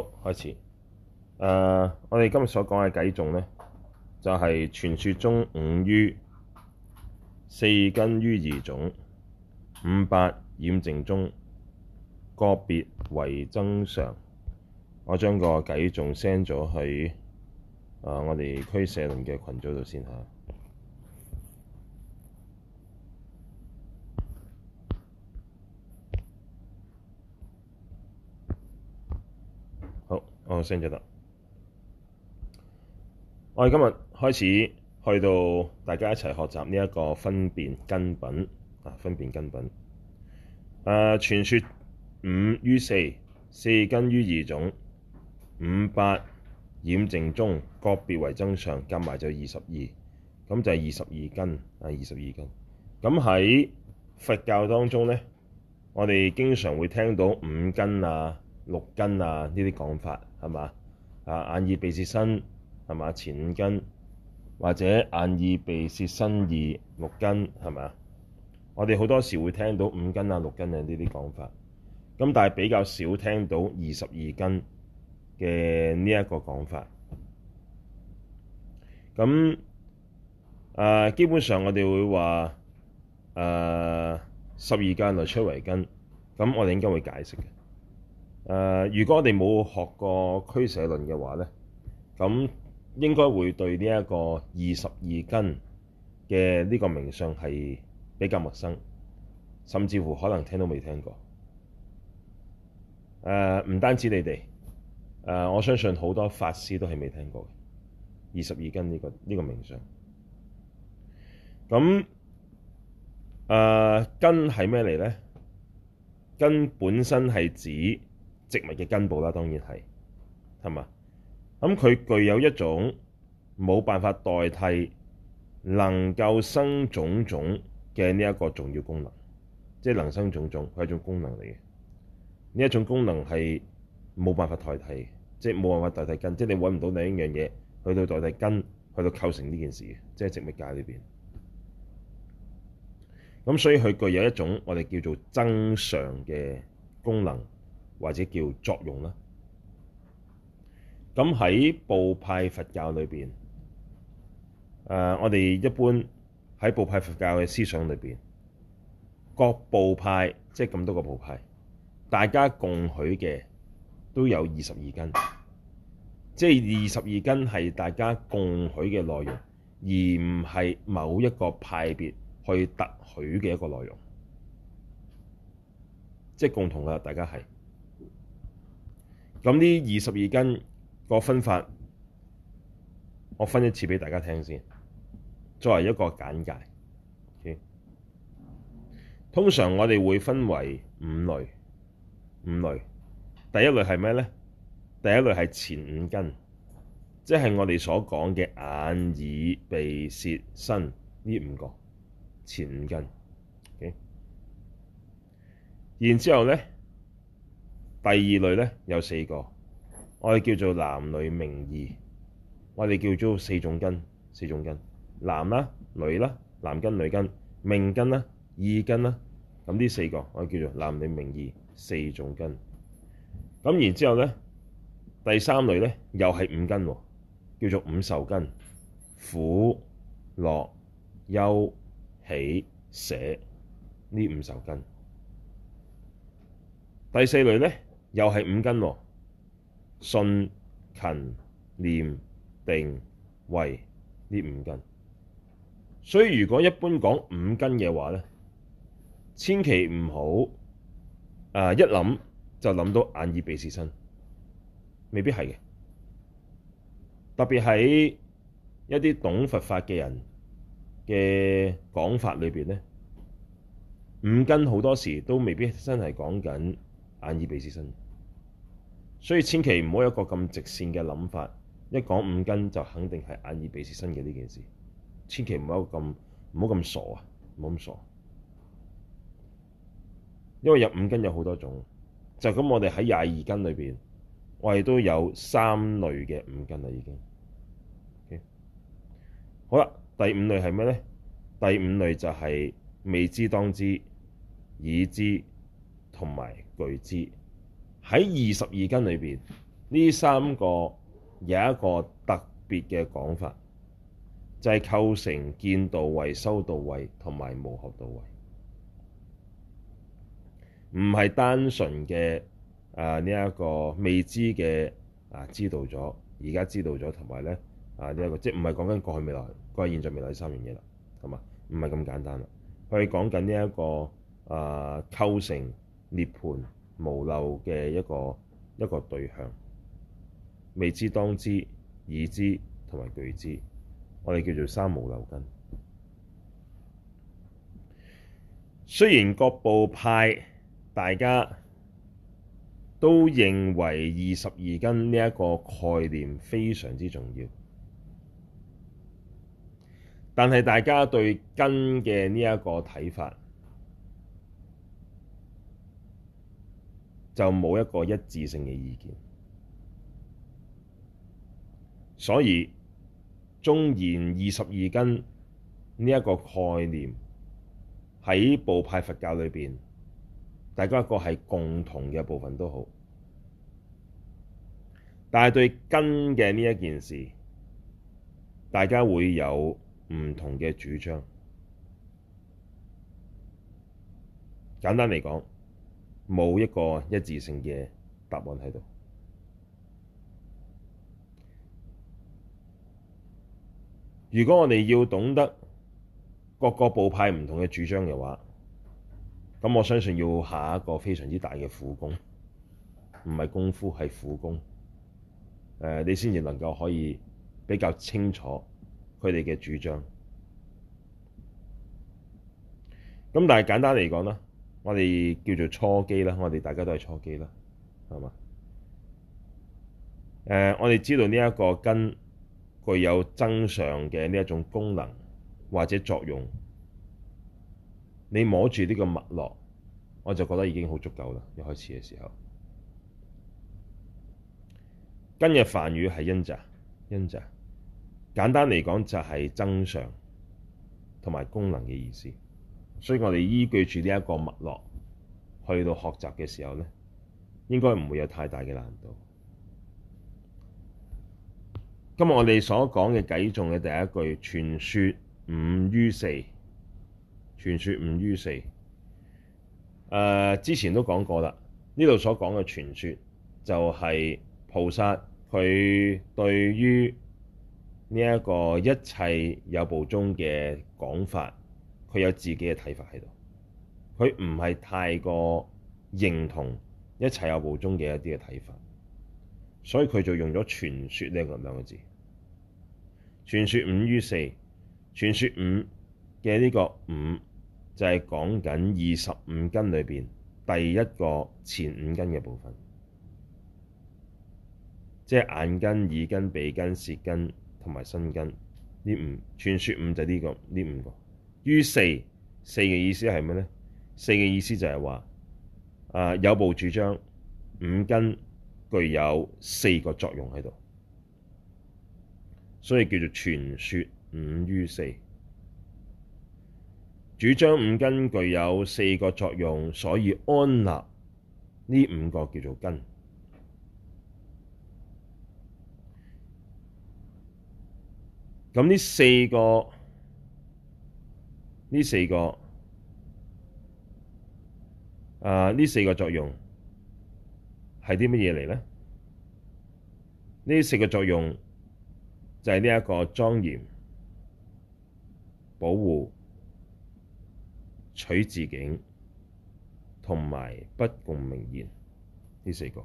好，開始。誒、uh,，我哋今日所講嘅偈頌咧，就係、是、傳說中五於四，四根於二種五八染淨中各別為增上。我將個偈頌 send 咗去誒、uh, 我哋俱舍論嘅群組度先吓。我哋今日開始去到大家一齊學習呢一個分別根品啊，分別根品。誒、啊，傳說五於四，四根於二種，五八染淨中各別為增上，加埋就二十二，咁就係二十二根啊，二十二根。咁喺佛教當中咧，我哋經常會聽到五根啊、六根啊呢啲講法。係嘛？啊，眼耳鼻舌身係嘛？前五根或者眼耳鼻舌身意六根係嘛？我哋好多時會聽到五根啊、六根呢啲啲講法，咁但係比較少聽到二十二根嘅呢一個講法。咁啊、呃，基本上我哋會話啊，十二間來出為根，咁我哋應該會解釋嘅。誒、呃，如果我哋冇學過俱舍論嘅話咧，咁應該會對呢一個二十二根嘅呢個名相係比較陌生，甚至乎可能聽都未聽過。誒、呃，唔單止你哋，誒、呃，我相信好多法師都係未聽過二十二根呢個呢個名相。咁誒、呃，根係咩嚟咧？根本身係指。植物嘅根部啦，當然係，係嘛，咁佢具有一種冇辦法代替，能夠生種種嘅呢一個重要功能，即係能生種種，佢係一種功能嚟嘅。呢一種功能係冇辦法代替，即係冇辦法代替根，即係你揾唔到另一樣嘢去到代替根，去到構成呢件事，即係植物界裏邊。咁所以佢具有一種我哋叫做增上嘅功能。或者叫作用啦。咁喺部派佛教裏邊，誒、呃，我哋一般喺部派佛教嘅思想裏邊，各部派即係咁多個部派，大家共許嘅都有二十二根，即係二十二根係大家共許嘅內容，而唔係某一個派別去特許嘅一個內容，即係共同嘅，大家係。咁呢二十二根個分法，我分一次畀大家聽先，作為一個簡介。Okay? 通常我哋會分為五類，五類。第一類係咩咧？第一類係前五根，即係我哋所講嘅眼、耳、鼻、舌、身呢五個前五根。Okay? 然之後咧。第二類咧，有四個，我哋叫做男女命意。我哋叫做四種根，四種根，男啦、女啦、男根、女根、命根啦、意根啦，咁呢四個我哋叫做男女命意四種根。咁然之後咧，第三類咧又係五根，叫做五受根，苦樂憂喜捨呢五受根。第四類咧。又係五根，啊、信、勤、念、定、慧呢五根。所以如果一般講五根嘅話咧，千祈唔好，誒、呃、一諗就諗到眼耳鼻舌身，未必係嘅。特別喺一啲懂佛法嘅人嘅講法裏邊咧，五根好多時都未必真係講緊。眼耳鼻舌身，所以千祈唔好有個咁直線嘅諗法。一講五根就肯定係眼耳鼻舌身嘅呢件事，千祈唔好咁唔好咁傻啊！唔好咁傻，因為有五根有好多種。就咁，我哋喺廿二根裏邊，我哋都有三類嘅五根啦。已經、okay? 好啦，第五類係咩咧？第五類就係未知當、當知、已知同埋。具知喺二十二根裏邊，呢三個有一個特別嘅講法，就係、是、構成見道、位、修道位同埋無學道位，唔係單純嘅啊呢一個未知嘅啊知道咗而家知道咗。同埋咧啊呢一、這個即唔係講緊過去、未來、過去、現在、未來三樣嘢啦，係嘛，唔係咁簡單啦。佢哋講緊呢一個啊、呃、構成。涅槃無漏嘅一個一個對象，未知當知，已知同埋具知，我哋叫做三無漏根。雖然各部派大家都認為二十二根呢一個概念非常之重要，但係大家對根嘅呢一個睇法。就冇一個一致性嘅意見，所以忠言二十二根呢一個概念喺部派佛教裏邊，大家一個係共同嘅部分都好，但係對根嘅呢一件事，大家會有唔同嘅主張。簡單嚟講。冇一個一致性嘅答案喺度。如果我哋要懂得各個部派唔同嘅主張嘅話，咁我相信要下一個非常之大嘅苦功，唔係功夫，係苦功。誒，你先至能夠可以比較清楚佢哋嘅主張。咁但係簡單嚟講啦。我哋叫做初機啦，我哋大家都係初機啦，係嘛？誒、呃，我哋知道呢一個根具有增上嘅呢一種功能或者作用，你摸住呢個脈絡，我就覺得已經好足夠啦。一開始嘅時候，根嘅梵語係恩扎，恩扎簡單嚟講就係增上同埋功能嘅意思。所以我哋依據住呢一個脈絡，去到學習嘅時候咧，應該唔會有太大嘅難度。今日我哋所講嘅偈中嘅第一句，傳説五於四，傳説五於四。誒、呃，之前都講過啦，呢度所講嘅傳説，就係菩薩佢對於呢一個一切有部宗嘅講法。佢有自己嘅睇法喺度，佢唔係太過認同一切有無中嘅一啲嘅睇法，所以佢就用咗傳説呢個兩個字。傳説五於四，傳説五嘅呢個五，就係講緊二十五根裏邊第一個前五根嘅部分，即係眼根、耳根、鼻根、鼻根、舌根同埋身根呢五，傳説五就呢個呢五個。於四，四嘅意思係咩咧？四嘅意思就係話，啊有部主張五根具有四個作用喺度，所以叫做傳說五於四。主張五根具有四個作用，所以安立呢五個叫做根。咁呢四個。呢四個啊，呢四個作用係啲乜嘢嚟呢？呢四個作用就係呢一個莊嚴、保護、取自境同埋不共名言呢四個。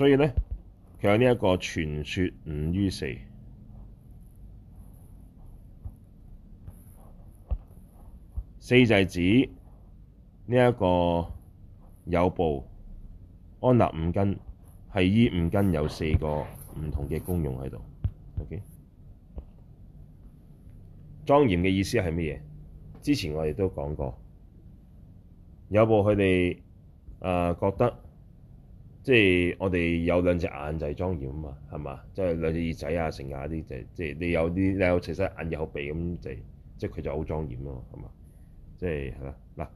所以呢，佢有呢、這、一個傳説五於四，四就係指呢一個有部安立五根係依五根有四個唔同嘅功用喺度。O.K. 莊嚴嘅意思係乜嘢？之前我哋都講過，有部佢哋誒覺得。即係我哋有兩隻眼就係莊嚴啊嘛，係嘛？即係兩隻耳仔啊、成啊啲就即係你有啲你有其實眼有鼻咁就即係佢就好莊嚴嘛，係、啊、嘛？即係係啦。嗱誒、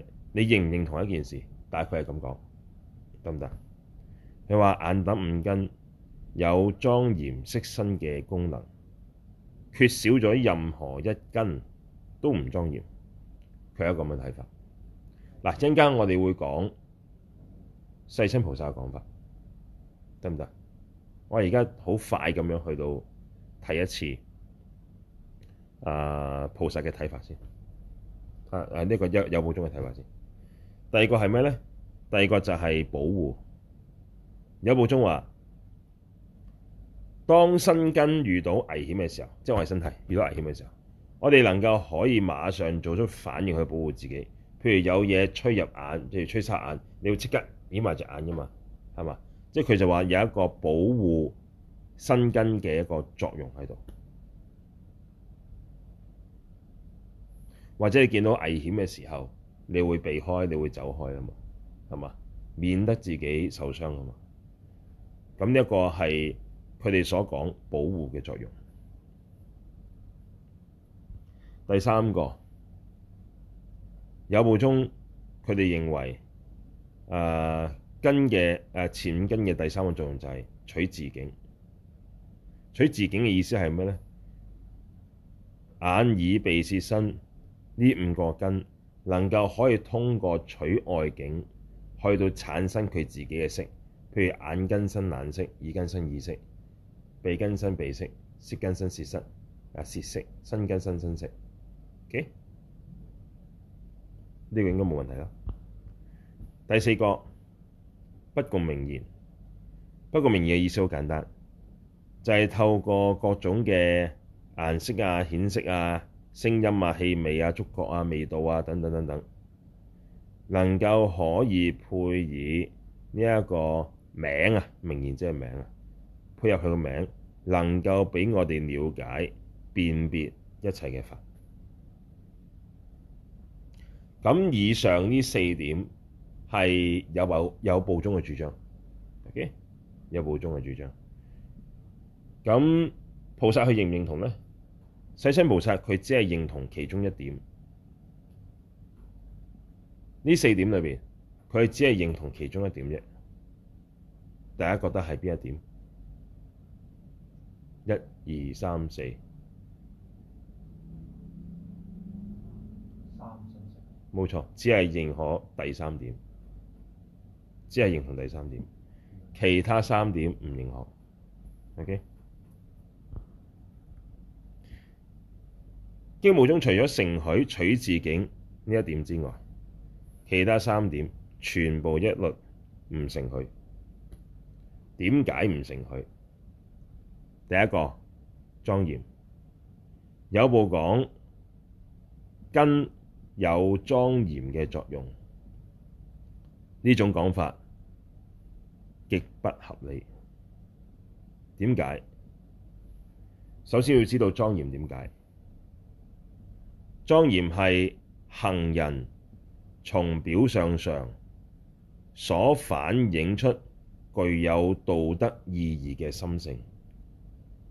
呃，你認唔認同一件事？但係佢係咁講得唔得？佢話眼等五根有莊嚴色身嘅功能，缺少咗任何一根都唔莊嚴。佢有咁嘅睇法。嗱，陣間我哋會講。世親菩薩嘅講法得唔得？我而家好快咁樣去到睇一次、呃、薩啊，菩薩嘅睇法先啊。誒呢個有有部宗嘅睇法先。第二個係咩咧？第二個就係保護。有部宗話，當身根遇到危險嘅時候，即係我哋身體遇到危險嘅時候，我哋能夠可以馬上做出反應去保護自己。譬如有嘢吹入眼，譬如吹擦眼，你會即刻。掩埋隻眼噶嘛，係嘛？即係佢就話有一個保護身根嘅一個作用喺度，或者你見到危險嘅時候，你會避開，你會走開啊嘛，係嘛？免得自己受傷啊嘛。咁呢一個係佢哋所講保護嘅作用。第三個有部宗，佢哋認為。根嘅、呃呃、前五根嘅第三個作用就係取自境，取自境嘅意思係咩呢？眼耳鼻舌身、耳、鼻、舌、身呢五個根能夠可以通過取外境去到產生佢自己嘅識，譬如眼根生眼識，耳根生耳識，鼻根生鼻識，舌根生舌識，啊、呃，舌識，身根生身識。okay，呢個應該冇問題啦。第四個不共名言，不共名言嘅意思好簡單，就係、是、透過各種嘅顏色啊、顯色啊、聲音啊、氣味啊、觸覺啊、味道啊等等等等，能夠可以配以呢一個名啊，名言即係名啊，配入佢個名，能夠畀我哋了解辨別一切嘅法。咁以上呢四點。係有部有部宗嘅主張，OK，有部宗嘅主張。咁菩薩佢認唔認同咧？世親菩薩佢只係認同其中一點，呢四點裏邊，佢只係認同其中一點啫。大家覺得係邊一點？一二三四，三，三四，冇錯，只係認可第三點。只係認同第三點，其他三點唔認可。O.K. 經部中除咗承許取自境呢一點之外，其他三點全部一律唔承許。點解唔承許？第一個莊嚴，有部講根有莊嚴嘅作用，呢種講法。極不合理。點解？首先要知道莊嚴點解。莊嚴係行人從表象上所反映出具有道德意義嘅心性，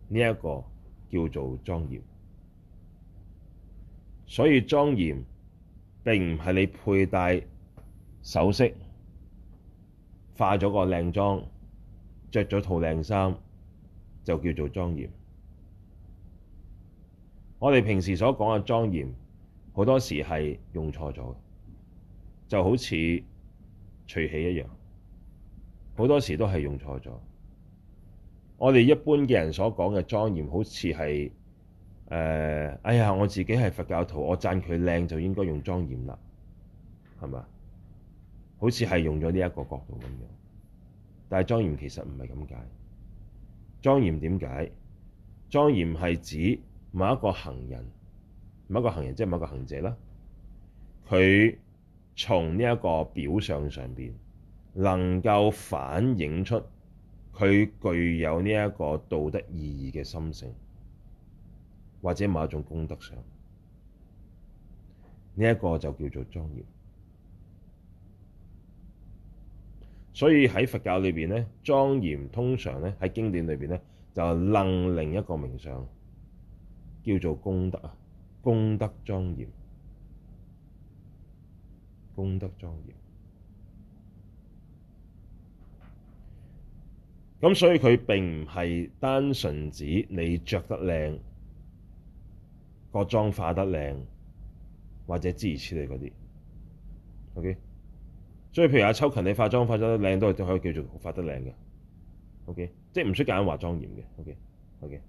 呢一個叫做莊嚴。所以莊嚴並唔係你佩戴首飾。化咗個靚妝，着咗套靚衫，就叫做莊嚴。我哋平時所講嘅莊嚴，好多時係用錯咗，就好似隨喜一樣，好多時都係用錯咗。我哋一般嘅人所講嘅莊嚴，好似係誒，哎呀，我自己係佛教徒，我讚佢靚，就應該用莊嚴啦，係咪？好似係用咗呢一個角度咁樣，但係莊嚴其實唔係咁解。莊嚴點解？莊嚴係指某一個行人，某一個行人即係某一個行者啦，佢從呢一個表象上邊能夠反映出佢具有呢一個道德意義嘅心性，或者某一種功德上，呢一個就叫做莊嚴。所以喺佛教裏邊咧，莊嚴通常咧喺經典裏邊咧就楞另一個名相叫做功德啊，功德莊嚴，功德莊嚴。咁所以佢並唔係單純指你着得靚，個妝化得靚，或者諸如此類嗰啲，OK。所以譬如阿秋勤，你化妝化咗得靚都係可以叫做化得靚嘅，OK，即係唔需要夾硬化莊嚴嘅，OK，OK，okay? okay.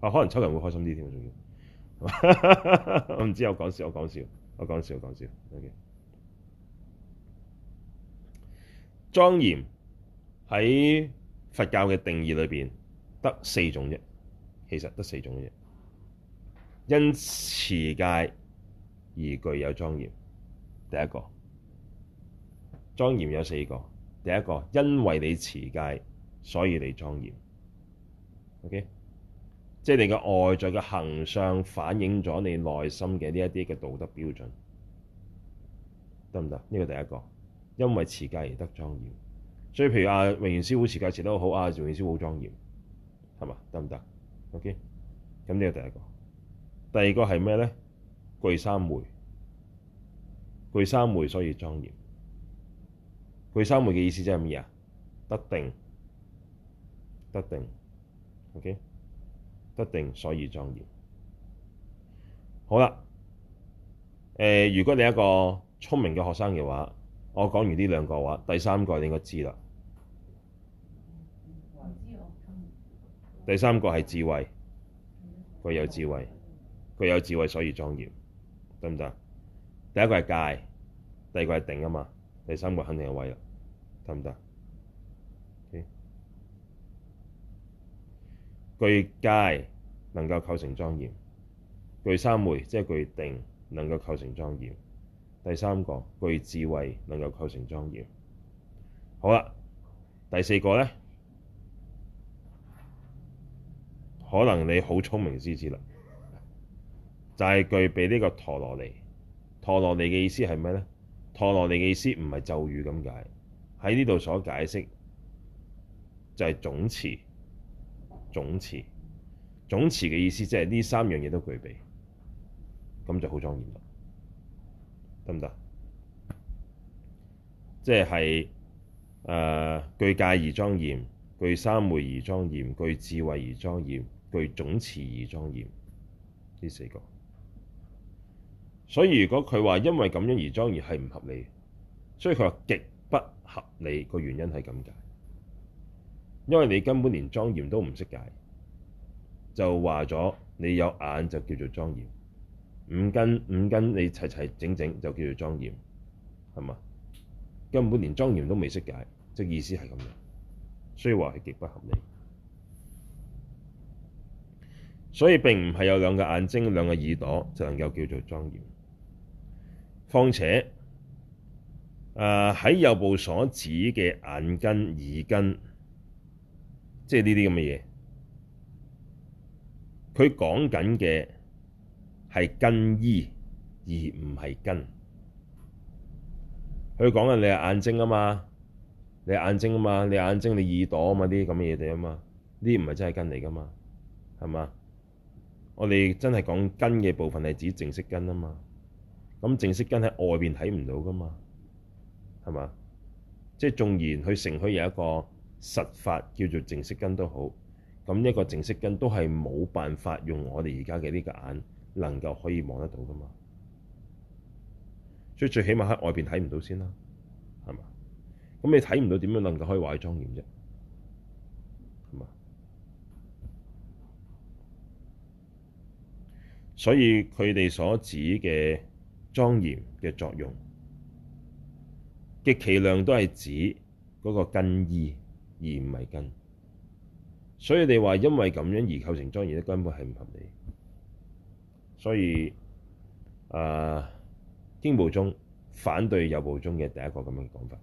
啊可能秋勤會開心啲添，仲要， 我唔知，我講笑，我講笑，我講笑，我講笑，OK，莊嚴喺佛教嘅定義裏邊得四種啫，其實得四種啫，因持戒而具有莊嚴，第一個。莊嚴有四個，第一個因為你持戒，所以你莊嚴。OK，即係你個外在嘅形相反映咗你內心嘅呢一啲嘅道德標準，得唔得？呢個第一個，因為持戒而得莊嚴。所以譬如啊，榮賢師傅持戒持得好，啊榮賢師傅好莊嚴，係嘛？得唔得？OK，咁呢個第一個。第二個係咩咧？具三昧，具三昧所以莊嚴。具三昧嘅意思即係咩啊？得定，得定，OK，得定所以莊嚴。好啦，誒、呃，如果你係一個聰明嘅學生嘅話，我講完呢兩個話，第三個你應該知啦。第三個係智慧，佢有智慧，佢有智慧，有智慧所以莊嚴，得唔得？第一個係戒，第二個係定啊嘛，第三個肯定係慧啦。得唔得？行行 okay. 具戒能夠構成莊嚴，具三昧即係具定能夠構成莊嚴。第三個具智慧能夠構成莊嚴。好啦，第四個咧，可能你好聰明之士啦，就係具備呢個陀羅尼。陀羅尼嘅意思係咩咧？陀羅尼嘅意思唔係咒語咁解。喺呢度所解釋就係、是、總持總持總持嘅意思，即係呢三樣嘢都具備，咁就好莊嚴啦，得唔得？即係誒、呃，具戒而莊嚴，具三昧而莊嚴，具智慧而莊嚴，具總持而莊嚴呢四個。所以如果佢話因為咁樣而莊嚴係唔合理，所以佢話極合理個原因係咁解，因為你根本連莊嚴都唔識解，就話咗你有眼就叫做莊嚴，五根五根你齊齊整整就叫做莊嚴，係嘛？根本連莊嚴都未識解，即意思係咁樣，所以話係極不合理。所以並唔係有兩個眼睛、兩個耳朵就能夠叫做莊嚴，況且。啊！喺、uh, 有部所指嘅眼根、耳根，即係呢啲咁嘅嘢。佢講緊嘅係根依，而唔係根。佢講緊你係眼睛啊嘛，嘛，你眼睛啊嘛，你眼睛、你耳朵啊嘛，啲咁嘅嘢哋啊嘛，呢啲唔係真係根嚟噶嘛，係嘛？我哋真係講根嘅部分係指淨色根啊嘛。咁淨色根喺外邊睇唔到噶嘛。係嘛？即係縱然佢承許有一個實法叫做淨色根都好，咁一個淨色根都係冇辦法用我哋而家嘅呢個眼能夠可以望得到噶嘛？所以最起碼喺外邊睇唔到先啦，係嘛？咁你睇唔到，點樣能夠可以話佢莊嚴啫？係嘛？所以佢哋所指嘅莊嚴嘅作用。極其量都係指嗰個根依，而唔係根。所以你話因為咁樣而構成莊嚴，根本係唔合理。所以，誒經部宗反對有部宗嘅第一個咁樣嘅講法。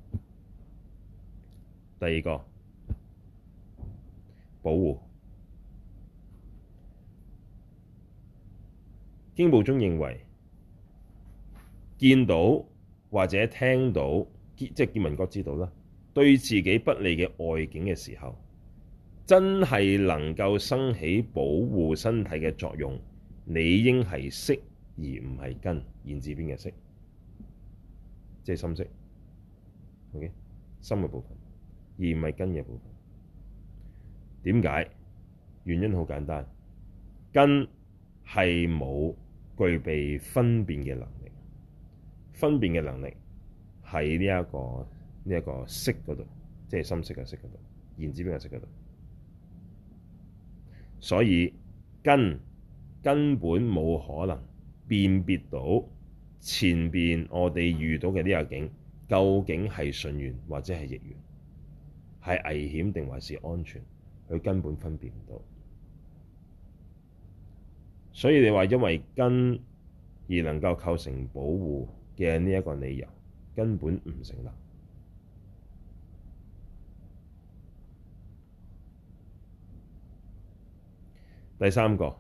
第二個保護，經部宗認為，見到或者聽到。即係建文哥知道啦，對自己不利嘅外境嘅時候，真係能夠生起保護身體嘅作用，理應係識而唔係根。言字邊嘅識，即係心識。O K，識嘅部分，而唔係根嘅部分。點解？原因好簡單，根係冇具備分辨嘅能力，分辨嘅能力。喺呢一個呢一個色嗰度，即係深色嘅色嗰度，然之邊個色嗰度？所以根根本冇可能辨別到前邊我哋遇到嘅呢個境究竟係順緣或者係逆緣，係危險定還是安全？佢根本分辨唔到。所以你話因為根而能夠構成保護嘅呢一個理由。根本唔成立。第三個，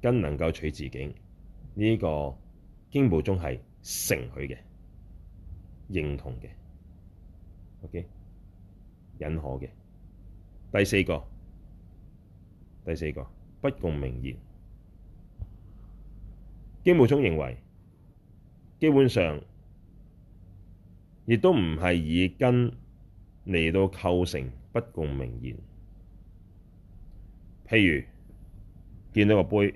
根能夠取自境。呢、這個經部宗係承許嘅、認同嘅、OK、忍可嘅。第四個，第四個不共名言經部宗認為基本上，亦都唔係以根嚟到構成不共名言，譬如見到個杯，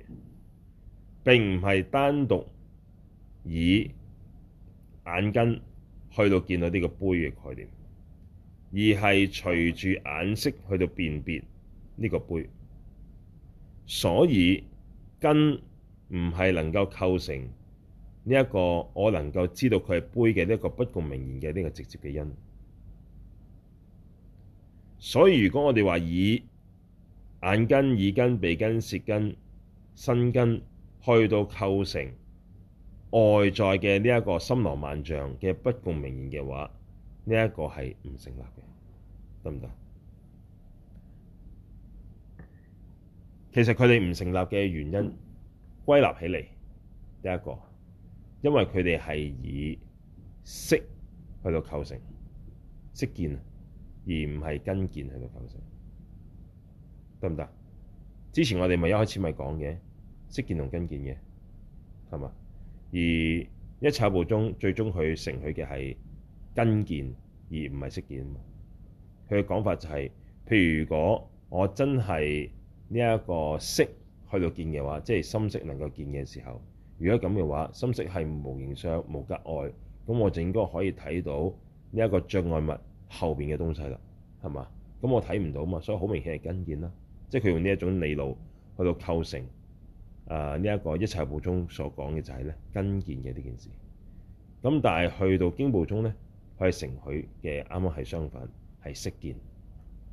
並唔係單獨以眼根去到見到呢個杯嘅概念，而係隨住眼識去到辨別呢個杯，所以根唔係能夠構成。呢一個我能夠知道佢係杯嘅呢個不共名言嘅呢個直接嘅因，所以如果我哋話以眼根、耳根、鼻根、舌根、身根去到構成外在嘅呢一個森羅萬象嘅不共名言嘅話，呢一個係唔成立嘅，得唔得？其實佢哋唔成立嘅原因歸納起嚟，第一個。因為佢哋係以色去到構成色見而唔係根見去到構成，得唔得？之前我哋咪一開始咪講嘅色見同根見嘅係嘛？而一切有部中最終佢承許嘅係根見，而唔係色見啊嘛。佢嘅講法就係、是，譬如如果我真係呢一個色去到見嘅話，即係心識能夠見嘅時候。如果咁嘅話，心色係無形上無隔礙，咁我應該可以睇到呢一個障礙物後邊嘅東西啦，係嘛？咁我睇唔到嘛，所以好明顯係根見啦，即係佢用呢一種理路去到構成啊呢一個一切部宗所講嘅就係咧根見嘅呢件事。咁但係去到經部宗咧，佢係承許嘅，啱啱係相反，係色見，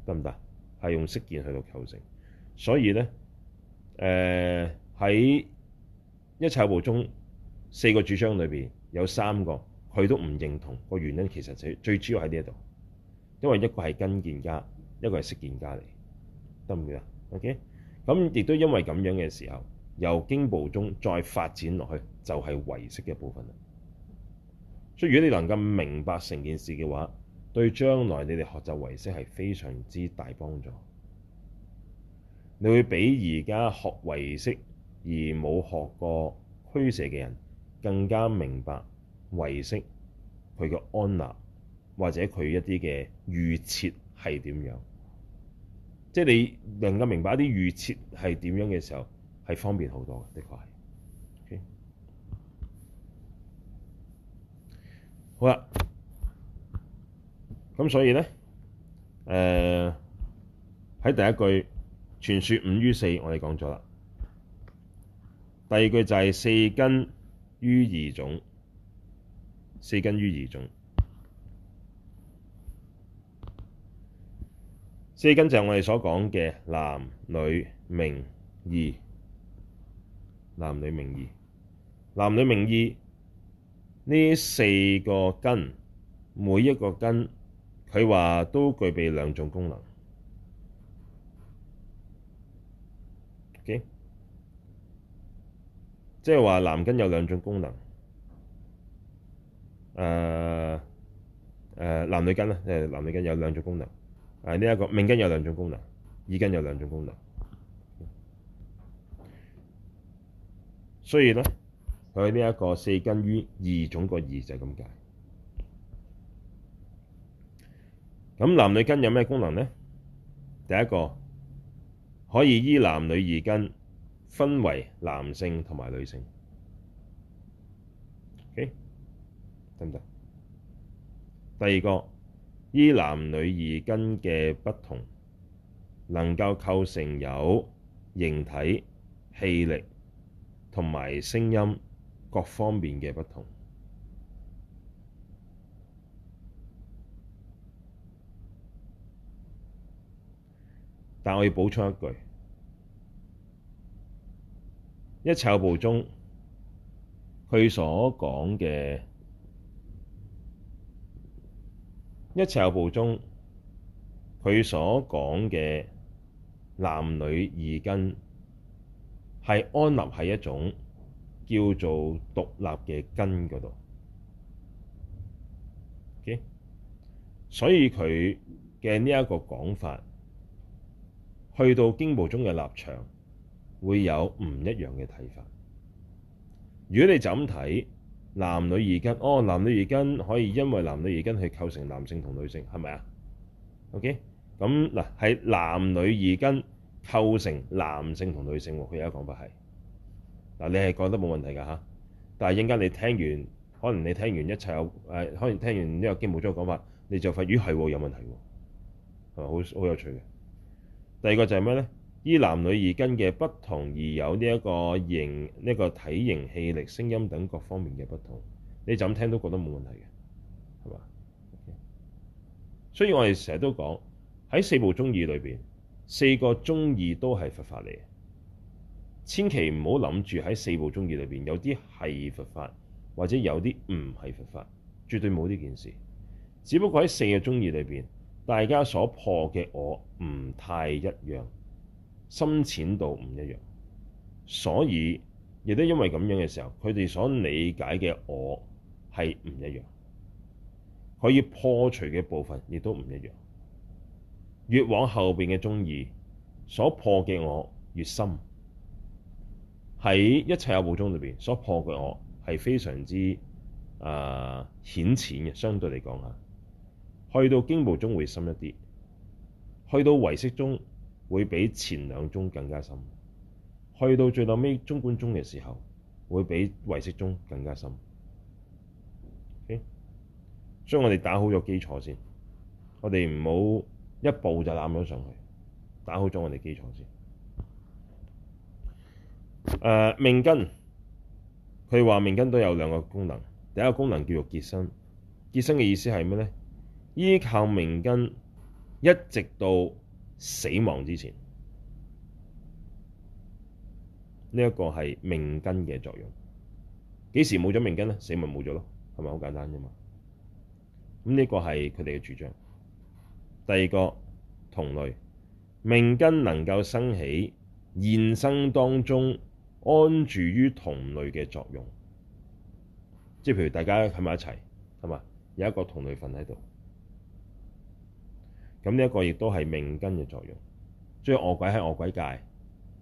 得唔得？係用色見去到構成，所以咧，誒、呃、喺。一切部中四個主張裏邊有三個佢都唔認同，個原因其實最最主要喺呢度，因為一個係根建家，一個係識建家嚟，得唔得？OK，咁亦都因為咁樣嘅時候，由經部中再發展落去就係、是、唯識嘅部分啦。所以如果你能夠明白成件事嘅話，對將來你哋學習唯識係非常之大幫助，你會比而家學唯識。而冇學過俱舍嘅人，更加明白為識佢嘅安娜，or, 或者佢一啲嘅預設係點樣。即係你能夠明白一啲預設係點樣嘅時候，係方便好多嘅，的確係。Okay? 好啦，咁所以咧，誒、呃、喺第一句傳説五於四，我哋講咗啦。第二句就係四根於二種，四根於二種。四根就係我哋所講嘅男女命意，男女命意，男女命意呢四個根，每一個根佢話都具備兩種功能。即係話男根有兩種功能，誒誒男女根咧，誒男女根有兩種功能，誒呢一個命根有兩種功能，意根有兩種功能，所以咧佢呢一個四根於二種個二就係咁解。咁男女根有咩功能咧？第一個可以依男女二根。分為男性同埋女性，OK 得唔得？第二個，依男女二根嘅不同，能夠構成有形體、氣力同埋聲音各方面嘅不同。但我要補充一句。一切有部中，佢所講嘅一切有部中，佢所講嘅男女二根係安立喺一種叫做獨立嘅根嗰度。Okay? 所以佢嘅呢一個講法，去到經部中嘅立場，會有唔一樣嘅睇法。如果你就咁睇，男女二根，哦，男女二根可以因為男女二根去構成男性同女性，係咪啊？OK，咁、嗯、嗱，係男女二根構成男性同女性，佢有一個講法係嗱、嗯，你係覺得冇問題㗎吓，但係陣間你聽完，可能你聽完一切，誒、呃，可能聽完呢個經部宗嘅講法，你就發現係喎，有問題喎，係咪，好好有趣嘅。第二個就係咩咧？依男女而根嘅不同，而有呢一個形呢、呢個體型、氣力、聲音等各方面嘅不同。你怎聽都覺得冇問題嘅，係嘛？Okay. 所以我哋成日都講喺四部宗義裏邊，四個宗義都係佛法嚟。千祈唔好諗住喺四部宗義裏邊有啲係佛法，或者有啲唔係佛法，絕對冇呢件事。只不過喺四個宗義裏邊，大家所破嘅我唔太一樣。深淺度唔一樣，所以亦都因為咁樣嘅時候，佢哋所理解嘅我係唔一樣，可以破除嘅部分亦都唔一樣。越往後邊嘅宗義所破嘅我越深。喺一切有部中裏邊，所破嘅我係非常之誒、呃、顯淺嘅，相對嚟講啊，去到經部中會深一啲，去到唯識中。會比前兩宗更加深，去到最後尾中觀宗嘅時候，會比唯識宗更加深。所、okay? 以，我哋打好咗基礎先，我哋唔好一步就攬咗上去，打好咗我哋基礎先。誒、呃，命根，佢話命根都有兩個功能，第一個功能叫做結生，結生嘅意思係咩咧？依靠命根，一直到。死亡之前，呢一個係命根嘅作用。幾時冇咗命根咧？死咪冇咗咯，係咪好簡單啫嘛？咁呢個係佢哋嘅主張。第二個同類，命根能夠生起現生當中安住於同類嘅作用，即係譬如大家喺埋一齊，係咪有一個同類瞓喺度？咁呢一個亦都係命根嘅作用。即係惡鬼喺惡鬼界，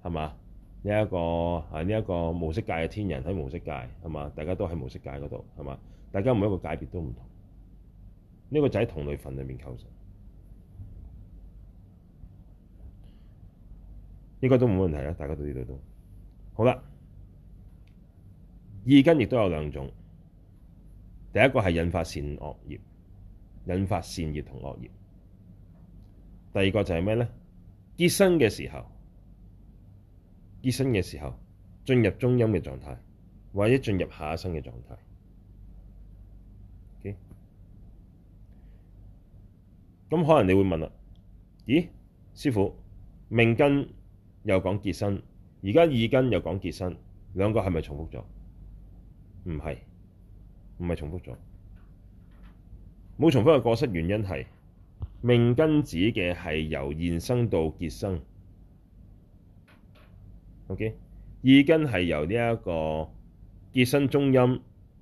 係嘛？呢、這、一個係呢一個無色界嘅天人喺無色界，係嘛？大家都喺無色界嗰度，係嘛？大家每一個界別都唔同。呢、這個就喺同類份裏面構成，應該都冇問題啦。大家都知道都好啦。意根亦都有兩種，第一個係引發善惡業，引發善業同惡業。第二個就係咩咧？結生嘅時候，結生嘅時候進入中陰嘅狀態，或者進入下一生嘅狀態。咁、okay? 可能你會問啦，咦，師傅命根又講結生，而家意根又講結生，兩個係咪重複咗？唔係，唔係重複咗。冇重複嘅過失原因係。命根指嘅係由現生到結生，OK？意根係由呢一個結生中陰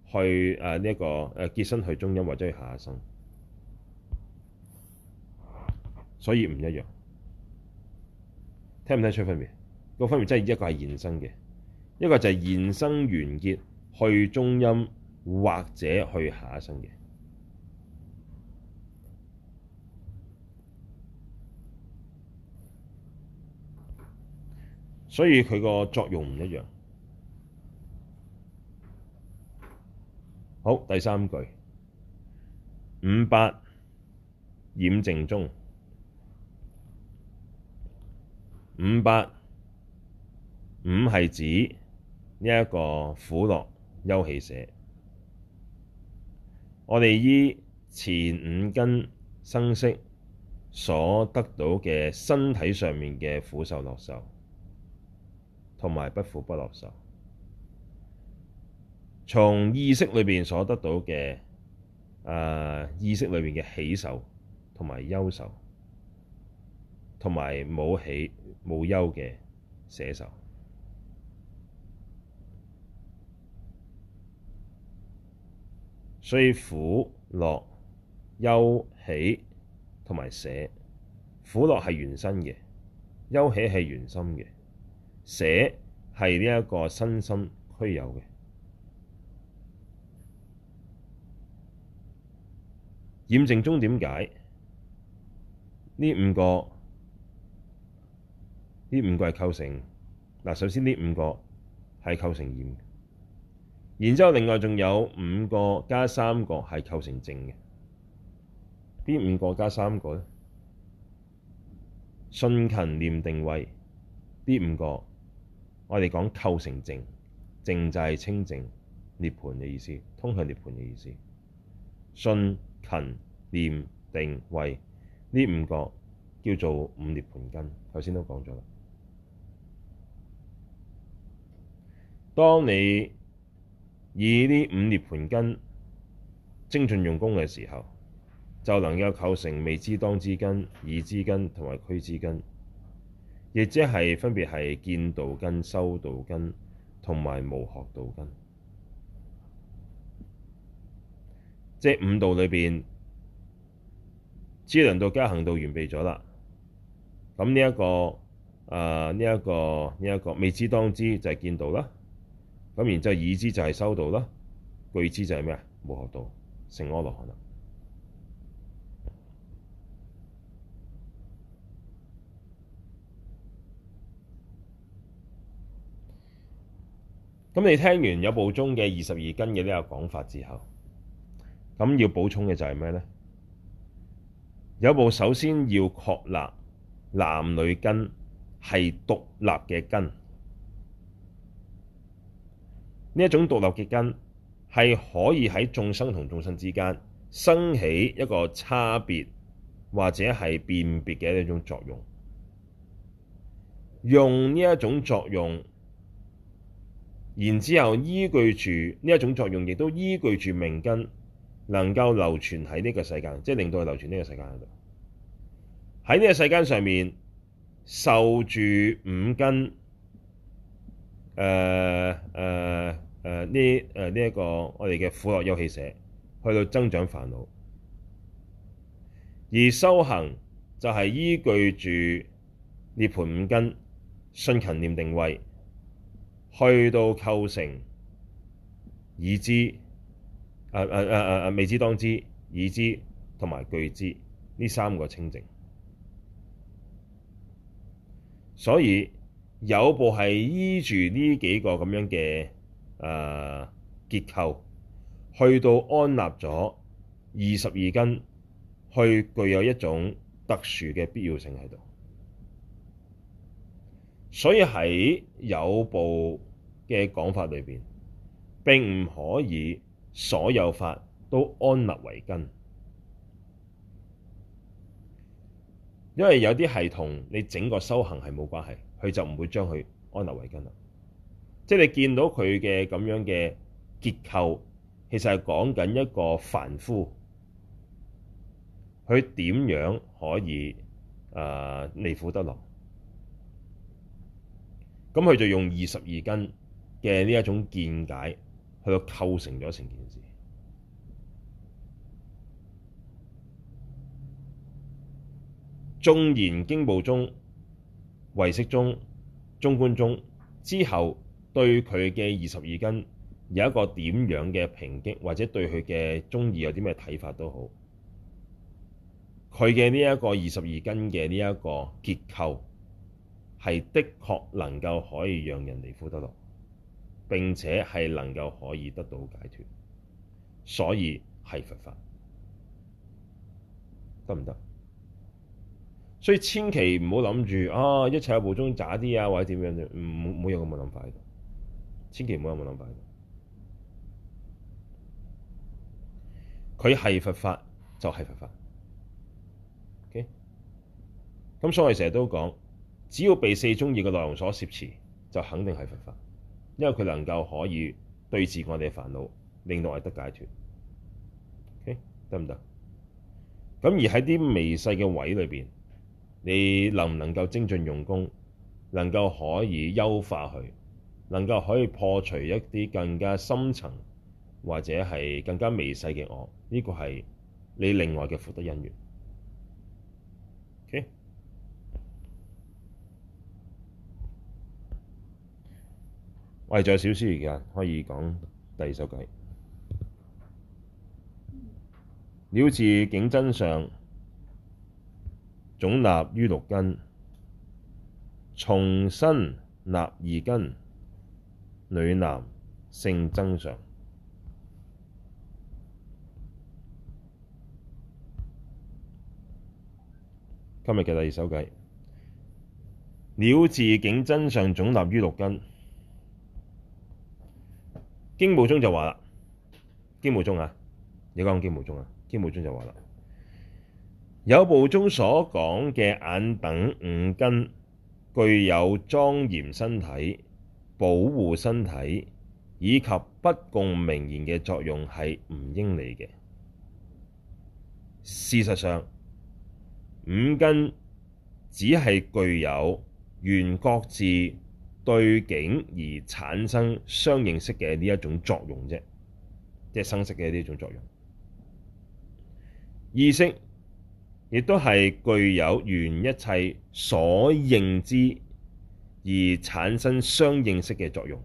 去誒呢一個誒、啊、結生去中陰，或者去下一生，所以唔一樣。聽唔聽出分別？個分別即係一個係現生嘅，一個就係現生完結去中陰，或者去下一生嘅。所以佢個作用唔一樣。好，第三句，五八染淨中。五八五係指呢一個苦樂喜憂捨。我哋依前五根生識所得到嘅身體上面嘅苦受，受、樂受。同埋不苦不樂受，從意識裏邊所得到嘅，誒、呃、意識裏邊嘅喜受同埋憂受，同埋冇喜冇憂嘅捨受，所以苦樂、憂喜同埋捨，苦樂係原身嘅，憂喜係原心嘅。寫係呢一個身心虛有嘅，染淨中點解？呢五個，呢五個係構成嗱。首先呢五個係構成染，然之後另外仲有五個加三個係構成淨嘅。呢五個加三個咧，信、勤、念、定、慧。呢五個。我哋講構成靜，靜就係清靜涅槃嘅意思，通向涅槃嘅意思。信、勤、念、定、慧呢五個叫做五涅槃根，頭先都講咗啦。當你以呢五涅槃根精進用功嘅時候，就能夠構成未知當知根、已知根同埋具知根。亦即係分別係見道根、修道根，同埋無學道根。即係五道裏邊資糧道加行道完備咗啦。咁呢一個啊，呢一個呢一、這個未知當知就係見道啦。咁然之後已知就係修道啦，具知就係咩啊？無學道成阿羅漢啦。咁你聽完有部中嘅二十二根嘅呢個講法之後，咁要補充嘅就係咩咧？有部首先要確立男女根係獨立嘅根，呢一種獨立嘅根係可以喺眾生同眾生之間生起一個差別或者係辨別嘅一種作用，用呢一種作用。然之後，依據住呢一種作用，亦都依據住命根，能夠流傳喺呢個世界，即係令到佢流傳呢個世界喺度。喺呢個世間上面受住五根，誒誒誒呢誒呢一個、這個、我哋嘅苦樂憂喜捨，去到增長煩惱。而修行就係依據住涅槃五根，信勤念定慧。去到構成已知，誒誒誒誒未知當知，已知同埋具知呢三個清淨。所以有部係依住呢幾個咁樣嘅誒、呃、結構，去到安立咗二十二根，去具有一種特殊嘅必要性喺度。所以喺有部嘅講法裏邊，並唔可以所有法都安立為根，因為有啲係同你整個修行係冇關係，佢就唔會將佢安立為根啦。即係你見到佢嘅咁樣嘅結構，其實係講緊一個凡夫，佢點樣可以誒離苦得樂？咁佢就用二十二根嘅呢一種見解去構成咗成件事。縱然經部中、唯識中、中觀中之後，對佢嘅二十二根有一個點樣嘅抨擊，或者對佢嘅中義有啲咩睇法都好，佢嘅呢一個二十二根嘅呢一個結構。係的確能夠可以讓人離苦得樂，並且係能夠可以得到解脫，所以係佛法，得唔得？所以千祈唔好諗住啊，一切喺無中渣啲啊，或者點樣，唔唔好有咁嘅諗法喺度。千祈唔好有咁嘅諗法喺度。佢係佛法，就係佛法。O K，咁所以我成日都講。只要被四宗義嘅內容所攝持，就肯定係佛法，因為佢能夠可以對治我哋嘅煩惱，令到我哋得解脫。OK，得唔得？咁而喺啲微細嘅位裏邊，你能唔能夠精進用功，能夠可以優化佢，能夠可以破除一啲更加深層或者係更加微細嘅我，呢個係你另外嘅福德因緣。係，再少少時間可以講第二首偈。了自境增上，總立於六根，從身立二根，女男性增上。今日嘅第二首偈，了自境增上，總立於六根。經部宗就話啦，經部宗啊，你講經部宗啊，經部宗就話啦，有部宗所講嘅眼等五根，具有莊嚴身體、保護身體以及不共名言嘅作用係唔應理嘅。事實上，五根只係具有緣各自。對境而產生相應識嘅呢一種作用啫，即係生識嘅呢種作用。意識亦都係具有緣一切所認知而產生相應識嘅作用，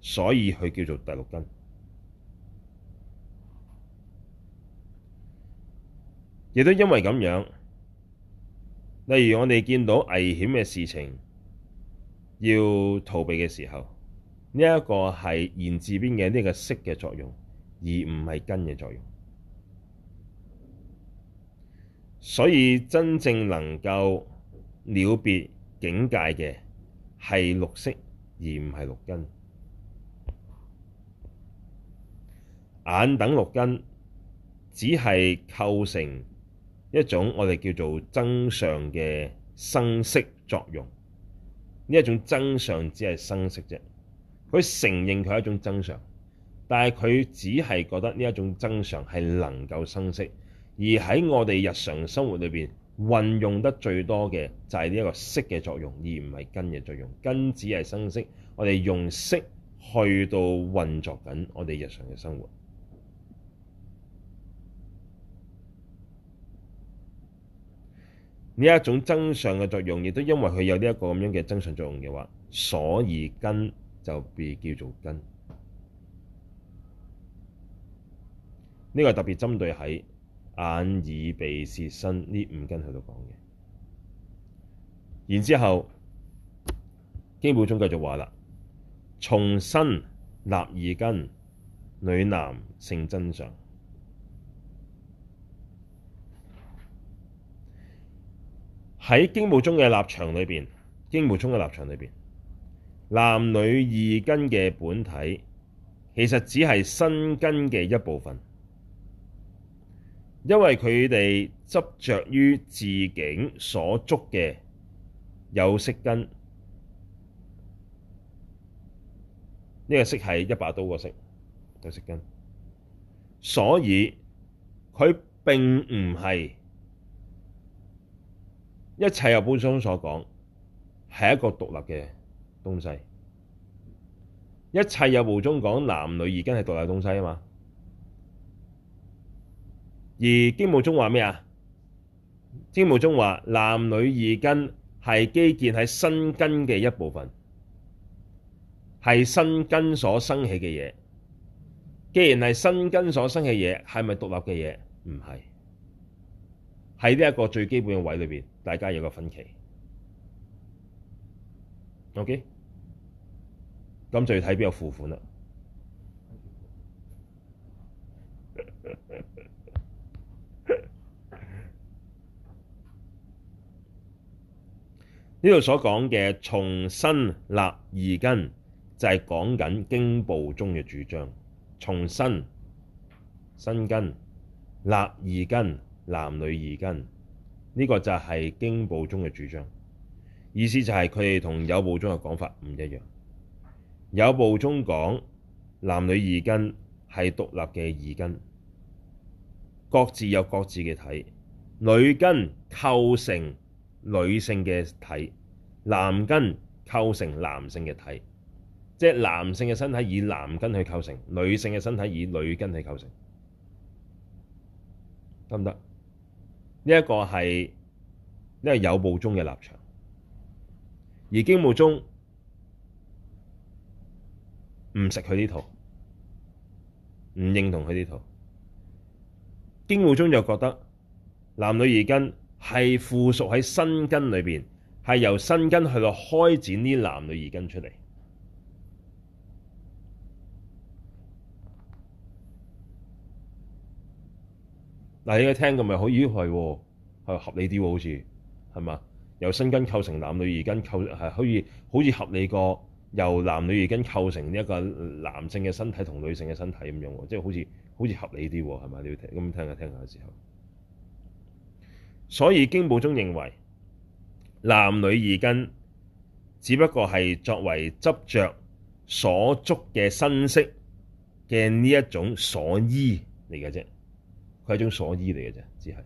所以佢叫做第六根。亦都因為咁樣，例如我哋見到危險嘅事情。要逃避嘅時候，呢一個係言字邊嘅呢個識嘅作用，而唔係根嘅作用。所以真正能夠了別境界嘅係六識，而唔係六根。眼等六根，只係構成一種我哋叫做增上嘅生識作用。呢一種增上只係生識啫，佢承認佢係一種增上，但係佢只係覺得呢一種增上係能夠生識，而喺我哋日常生活裏邊運用得最多嘅就係呢一個識嘅作用，而唔係根嘅作用。根只係生識，我哋用識去到運作緊我哋日常嘅生活。呢一種增上嘅作用，亦都因為佢有呢一個咁樣嘅增上作用嘅話，所以根就被叫做根。呢、這個特別針對喺眼、耳、鼻、舌、身呢五根喺度講嘅。然之後，經部中繼續話啦：從身立二根，女男性增上。」喺經部宗嘅立場裏邊，經部宗嘅立場裏邊，男女二根嘅本體其實只係身根嘅一部分，因為佢哋執着於自境所捉嘅有色根，呢個色係一把刀個色，有色根，所以佢並唔係一切有部中所講係一個獨立嘅東西，一切有部中講男女二根係獨立嘅東西啊嘛。而經部中話咩啊？經部中話男女二根係基建喺身根嘅一部分，係身根所生起嘅嘢。既然係身根所生嘅嘢，係咪獨立嘅嘢？唔係。喺呢一個最基本嘅位裏邊，大家有個分歧。OK，咁就要睇邊個付款啦。呢度 所講嘅重新立二根，就係講緊經部中嘅主張，重新根、就是、重新，新根立二根。男女二根呢、這個就係經部宗嘅主張，意思就係佢哋同有部宗嘅講法唔一樣。有部宗講男女二根係獨立嘅二根，各自有各自嘅體。女根構成女性嘅體，男根構成男性嘅體，即係男性嘅身體以男根去構成，女性嘅身體以女根去構成，得唔得？呢一個係呢個有部宗嘅立場，而經部宗唔食佢呢套，唔認同佢呢套。經部宗就覺得男女二根係附屬喺身根裏邊，係由身根去到開展啲男女二根出嚟。但嗱，你聽咁咪可以去喎，係合理啲喎，好似係嘛？由身根構成男女二根，構係可以，好似合理過由男女二根構成呢一個男性嘅身體同女性嘅身體咁樣喎，即係好似好似合理啲喎，係嘛？你要聽咁聽下聽下嘅時候。所以經部宗認為，男女二根只不過係作為執着所觸嘅身色嘅呢一種所依嚟嘅啫。佢係一種所依嚟嘅啫，只係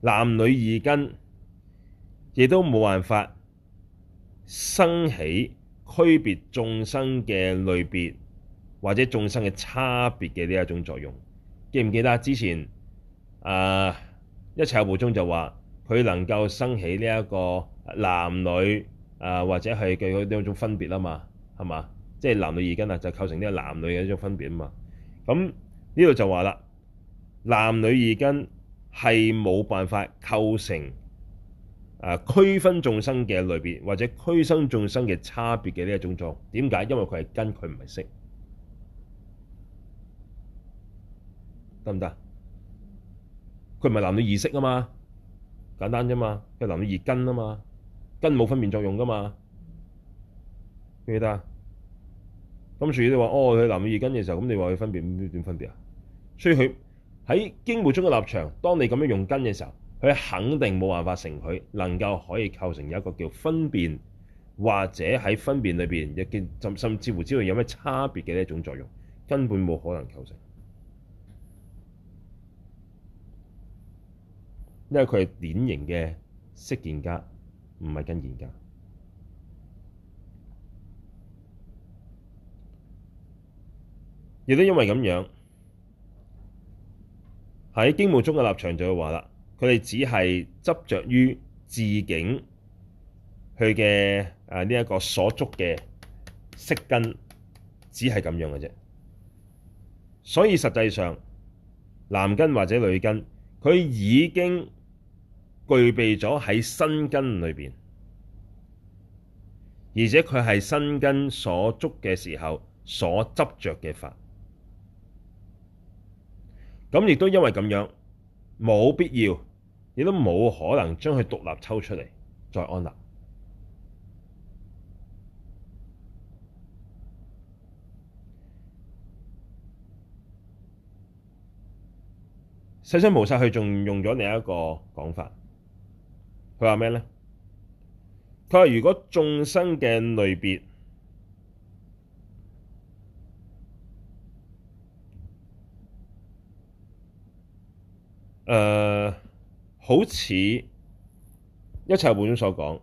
男女二根亦都冇辦法生起區別眾生嘅類別或者眾生嘅差別嘅呢一種作用。記唔記得之前啊、呃、一齊無中一切有部中就話佢能夠生起呢一個男女啊、呃、或者係佢有兩種分別啊嘛，係嘛？即係男女二根啊，就構成呢個男女嘅一種分別啊嘛。咁呢度就話啦，男女二根係冇辦法構成誒，區分眾生嘅類別或者區分眾生嘅差別嘅呢一種狀。點解？因為佢係根，佢唔係色，得唔得？佢唔係男女二色啊嘛，簡單啫嘛，佢男女二根啊嘛，根冇分辨作用噶嘛，記唔記得啊？咁所以你話哦，佢男女二根嘅時候，咁你話佢分別點分別啊？所以佢喺經部中嘅立場，當你咁樣用根嘅時候，佢肯定冇辦法承許佢能夠可以構成有一個叫分辨或者喺分辨裏邊嘅見甚甚至乎知道有咩差別嘅一種作用，根本冇可能構成，因為佢係典型嘅識見家」唔係根見家」，亦都因為咁樣。喺經部中嘅立場就會話啦，佢哋只係執着於自境佢嘅誒呢一個所觸嘅色根，只係咁樣嘅啫。所以實際上，男根或者女根，佢已經具備咗喺身根裏邊，而且佢係身根所觸嘅時候所執着嘅法。咁亦都因為咁樣，冇必要，亦都冇可能將佢獨立抽出嚟再安立。世親菩薩佢仲用咗另一個講法，佢話咩咧？佢話如果眾生嘅類別。誒，uh, 好似一切有部宗所講，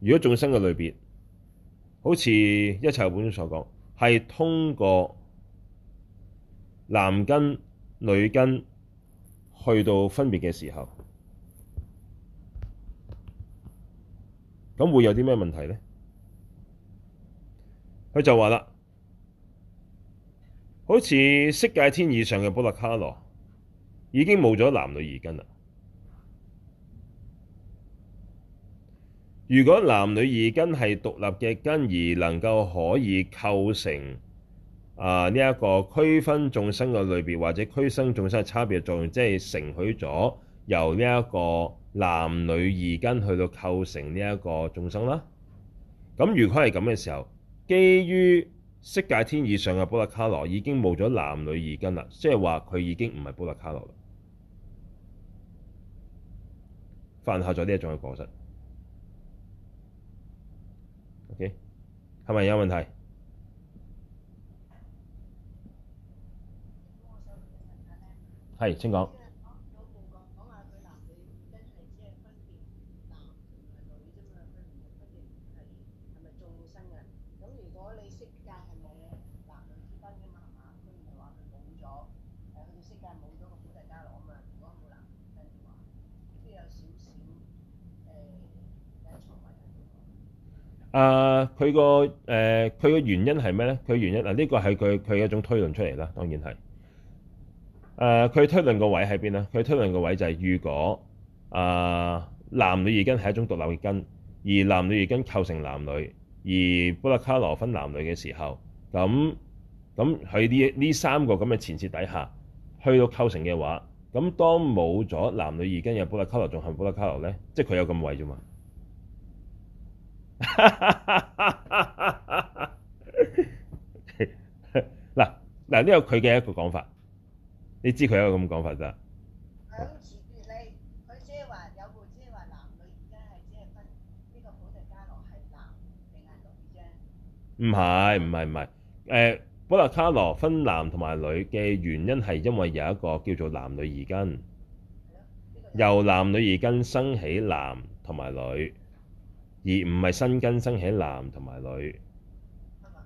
如果眾生嘅類別，好似一切有部宗所講，係通過男根、女根去到分別嘅時候，咁會有啲咩問題咧？佢就話啦。好似色界天以上嘅布勒卡羅，已經冇咗男女二根啦。如果男女二根係獨立嘅根，而能夠可以構成啊呢一個區分眾生嘅類別，或者區生眾生嘅差別作用，即係承許咗由呢一個男女二根去到構成呢一個眾生啦。咁如果係咁嘅時候，基於色界天以上嘅波羅卡羅已經冇咗男女二根啦，即係話佢已經唔係波羅卡羅啦。犯下咗呢一種嘅過失，OK 係咪有問題？係，請講。 呃呃、啊，佢、這個誒佢個原因係咩咧？佢原因嗱呢個係佢佢一種推論出嚟啦，當然係。誒、呃、佢推論個位喺邊咧？佢推論個位就係、是、如果啊、呃、男女二根係一種獨立嘅根，而男女二根構成男女，而布拉卡羅分男女嘅時候，咁咁喺呢呢三個咁嘅前設底下，去到構成嘅話，咁當冇咗男女二根嘅布拉卡羅仲係布拉卡羅咧，即係佢有咁位啫嘛。嗱嗱，呢、 呢個佢嘅一個講法，你知佢有個咁講法咋？唔係唔係唔係，誒、這個呃、補特伽羅分男同埋女嘅原因係因為有一個叫做男女二根，男根由男女二根生起男同埋女。而唔係身根生起男同埋女，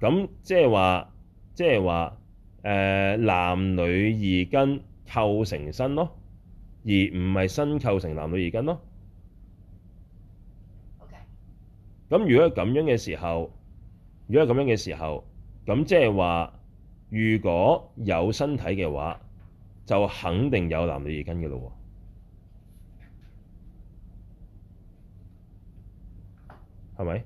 咁即係話，即係話，誒、呃，男女二根構成身咯，而唔係身構成男女二根咯。OK，咁如果咁樣嘅時候，如果係咁樣嘅時候，咁即係話，如果有身體嘅話，就肯定有男女二根嘅咯喎。係咪？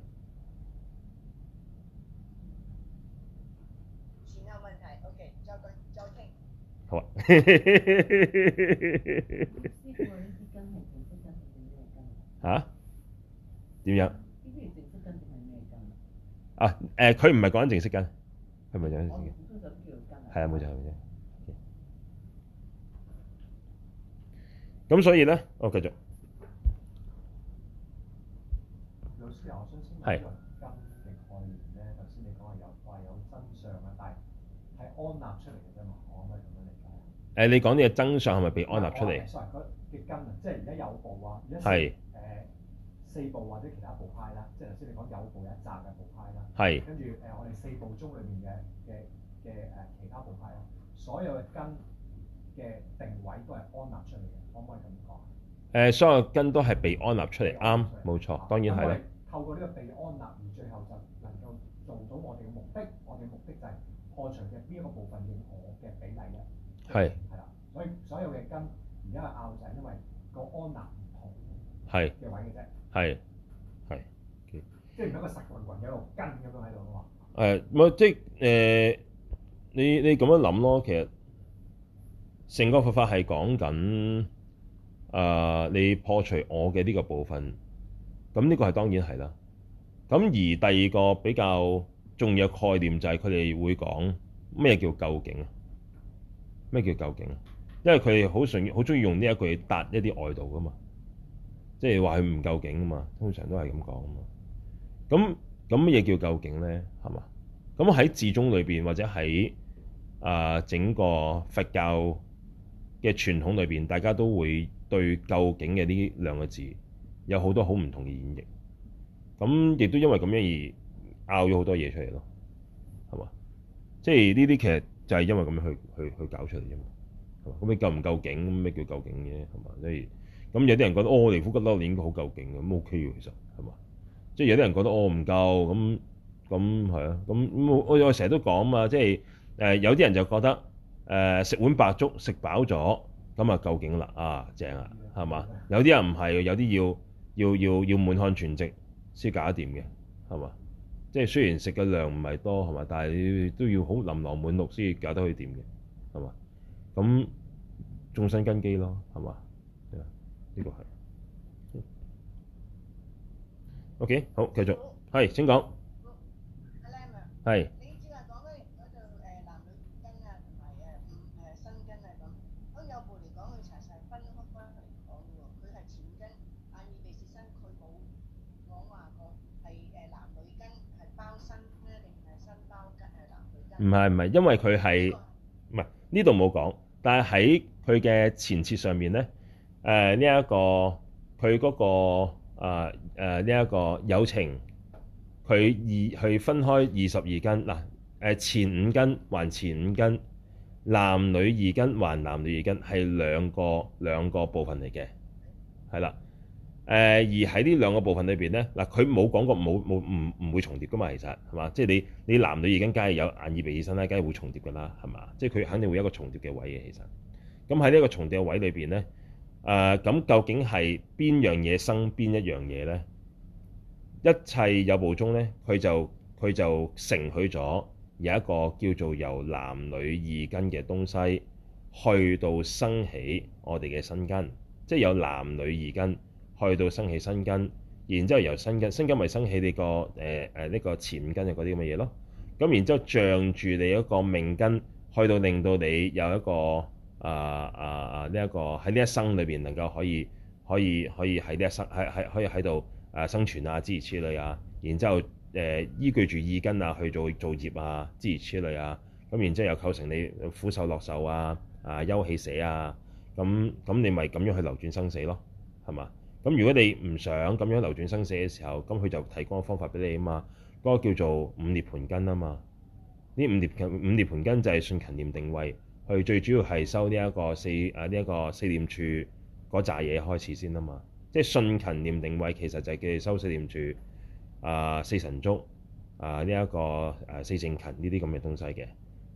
錢有問題，OK，再講好吧 啊，哈哈哈！點樣？啊，誒、呃，佢唔係講緊淨色根，係咪講緊色根？係啊，冇錯，係咪先？咁、嗯、所以咧，我繼續。係根嘅概念咧，頭先是你講係有話有真相啊，但係係安立出嚟嘅啫，可唔可以咁樣理解？啊？你講呢個真相係咪被安立出嚟？冇錯，嘅根啊，即係而家有部啊，而家四誒四部或者其他部派啦，即係頭先你講有部一集嘅部派啦，係跟住誒我哋四部中裏面嘅嘅嘅誒其他部派啦。所有嘅根嘅定位都係安立出嚟嘅，可唔可以咁講？誒，所有根都係被安立出嚟，啱，冇錯，當然係啦。透過呢個被安立，而最後就能夠做到我哋嘅目的。我哋嘅目的就係破除嘅邊一個部分嘅我嘅比例嘅。係是。係啊。所以所有嘅根而家係拗就係因為個安立唔同嘅位嘅啫。係。係。即係而家個實棍棍喺度跟嘅都喺度㗎嘛。誒，唔即係誒，你你咁樣諗咯，其實成個佛法係講緊誒，你破除我嘅呢個部分。咁呢個係當然係啦。咁而第二個比較重要嘅概念就係佢哋會講咩叫究竟啊？咩叫究竟啊？因為佢哋好順好鍾意用呢一句搭一啲外道㗎嘛，即係話佢唔究竟啊嘛。通常都係咁講啊嘛。咁咁乜嘢叫究竟咧？係嘛？咁喺自宗裏邊或者喺啊、呃、整個佛教嘅傳統裏邊，大家都會對究竟嘅呢兩個字。有好多好唔同嘅演繹，咁亦都因為咁樣而拗咗好多嘢出嚟咯，係嘛？即係呢啲其實就係因為咁樣去去去搞出嚟啫嘛，係嘛？咁你夠唔夠勁？咩叫夠勁嘅係嘛？即係咁有啲人覺得哦，尼夫吉拉年應該好夠勁嘅，咁 OK 嘅其實係嘛？即係有啲人覺得哦唔夠咁咁係啊咁我我成日都講啊嘛，即係誒有啲人就覺得誒食碗白粥食飽咗咁啊夠勁啦啊正啊係嘛？有啲人唔係，有啲要。要要要滿漢全席先搞得掂嘅，係嘛？即係雖然食嘅量唔係多，係嘛？但係你都要好琳琅滿目先搞得佢掂嘅，係嘛？咁眾生根基咯，係嘛？啊，呢、這個係。OK，好，繼續，係請講問，係。問唔係唔係，因為佢係唔係呢度冇講，但係喺佢嘅前設上面咧，誒呢一個佢嗰、那個啊誒呢一個友情，佢二去分開二十二根嗱，誒、呃、前五根還前五根，男女二根還男女二根，係兩個兩個部分嚟嘅，係啦。誒而喺呢兩個部分裏邊咧，嗱佢冇講過冇冇唔唔會重疊㗎嘛。其實係嘛，即係你你男女二根，梗係有眼耳鼻舌身啦，梗係會重疊㗎啦，係咪？即係佢肯定會有一個重疊嘅位嘅。其實咁喺呢一個重疊嘅位裏邊咧，誒咁究竟係邊樣嘢生邊一樣嘢咧？一切有部宗咧？佢就佢就承許咗有一個叫做由男女二根嘅東西去到生起我哋嘅身根，即係有男女二根。去到生起身根，然之後由身根，身根咪生起你個誒誒呢個前根嘅嗰啲咁嘅嘢咯。咁然之後仗住你一個命根，去到令到你有一個啊啊啊呢一個喺呢一生裏邊能夠可以可以可以喺呢一生喺喺、啊、可以喺度啊生存啊，諸如此類啊。然之後誒、呃、依據住意根啊去做做業啊，諸如此類啊。咁然之後又構成你苦受樂受啊啊，呃、休氣死啊。咁、嗯、咁、嗯嗯、你咪咁樣去流轉生死咯，係嘛？咁如果你唔想咁樣流轉生死嘅時候，咁佢就提供個方法俾你啊嘛。嗰、那個叫做五涅槃根啊嘛。呢五涅五涅槃根就係信勤念定慧，佢最主要係收呢一個四啊呢一、這個四念處嗰扎嘢開始先啊嘛。即係信勤念定慧其實就係叫收四念處啊、四神足啊呢一、這個啊四正勤呢啲咁嘅東西嘅。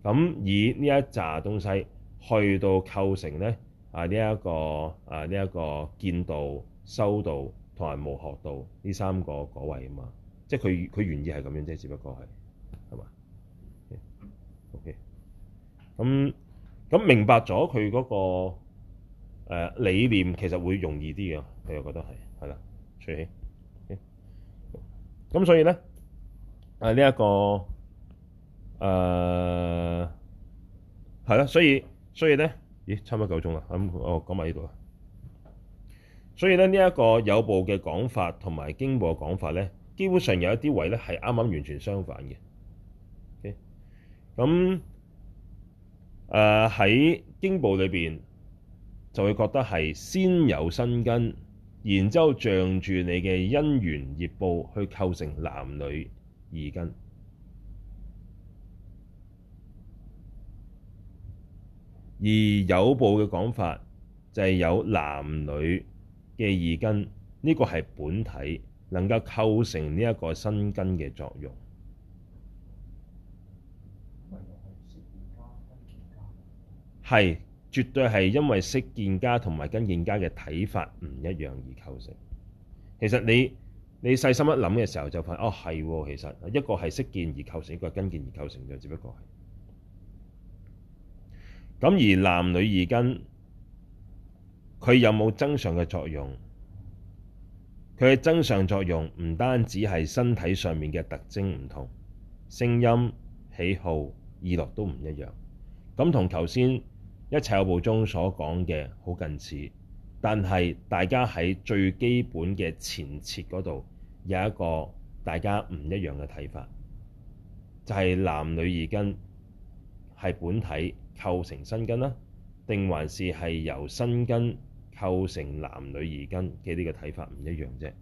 咁以呢一紮東西去到構成咧啊呢一、這個啊呢一、這個見道。收到同埋冇學到呢三個嗰位啊嘛，即係佢佢原意係咁樣啫，只不過係係嘛？OK，咁、okay. 咁明白咗佢嗰個、呃、理念，其實會容易啲嘅，佢又覺得係係啦。隨起咁、okay. 所以咧誒呢一、啊這個誒係啦，所以所以咧，咦，差唔多夠鐘啦，咁我講埋呢度啦。所以呢一個有部嘅講法同埋經部嘅講法咧，基本上有一啲位咧係啱啱完全相反嘅。咁誒喺經部裏邊就會覺得係先有身根，然之後仗住你嘅因緣業報去構成男女二根，而有部嘅講法就係有男女。嘅二根呢、呢個係本體能夠構成呢一個身根嘅作用，係 絕對係因為識見家同埋根見家嘅睇法唔一樣而構成。其實你你細心一諗嘅時候就發現，哦係喎，其實一個係識見而構成，一個係根見而構成嘅，只不過係。咁而男女二根。佢有冇增上嘅作用？佢嘅增上作用唔單止係身體上面嘅特徵唔同，聲音、喜好、意樂都唔一樣。咁同頭先一切有部中所講嘅好近似，但係大家喺最基本嘅前設嗰度有一個大家唔一樣嘅睇法，就係、是、男女二根係本體構成身根啦，定還是係由身根？構成男女二根嘅呢個睇法唔一樣啫。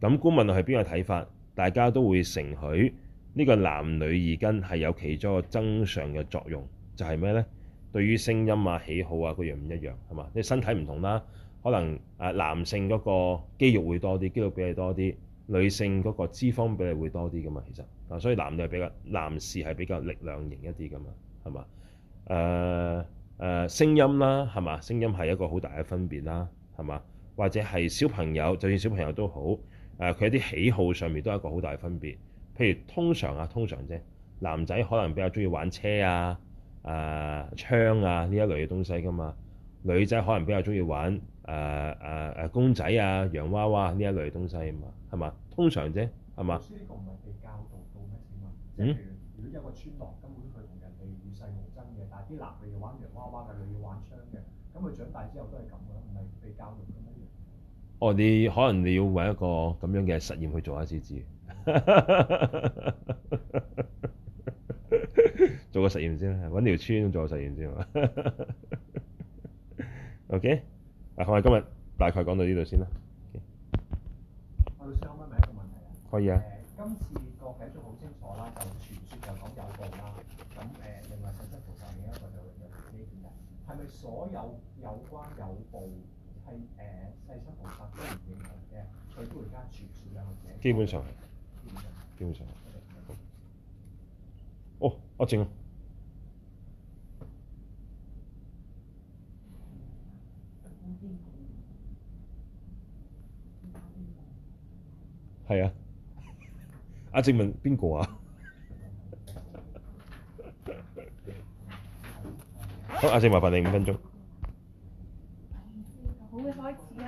咁觀問下係邊個睇法？大家都會承許呢個男女二根係有其中一個增上嘅作用，就係咩呢？對於聲音啊、喜好啊嗰樣唔一樣係嘛？你身體唔同啦，可能誒男性嗰個肌肉會多啲，肌肉比例多啲；女性嗰個脂肪比例會多啲噶嘛。其實啊，所以男女比較，男士係比較力量型一啲噶嘛，係嘛？誒。誒聲音啦，係嘛？聲音係一個好大嘅分別啦，係嘛？或者係小朋友，就算小朋友都好，誒佢有啲喜好上面都有一個好大嘅分別。譬如通常啊，通常啫，男仔可能比較中意玩車啊、誒槍啊呢一類嘅東西㗎嘛，女仔可能比較中意玩誒誒誒公仔啊、洋娃娃呢一類嘅東西啊嘛，係嘛？通常啫，係嘛？嗯。啲男嘅要玩洋娃娃嘅，女要玩槍嘅，咁佢長大之後都係咁嘅，唔係被教育咁樣。哦，你可能你要揾一個咁樣嘅實驗去做下先知， 做個實驗先，揾條村做個實驗先。 OK，嗱，我哋今日大概講到呢度先啦。我收咩名嘅問題啊？可以啊。所有有關有部係誒世出同法都唔認同嘅，佢都而家傳説入去嘅。基本上係，基本上係。哦，阿靜，係啊，阿靜問邊個啊？ 阿姐，麻煩你五分鐘。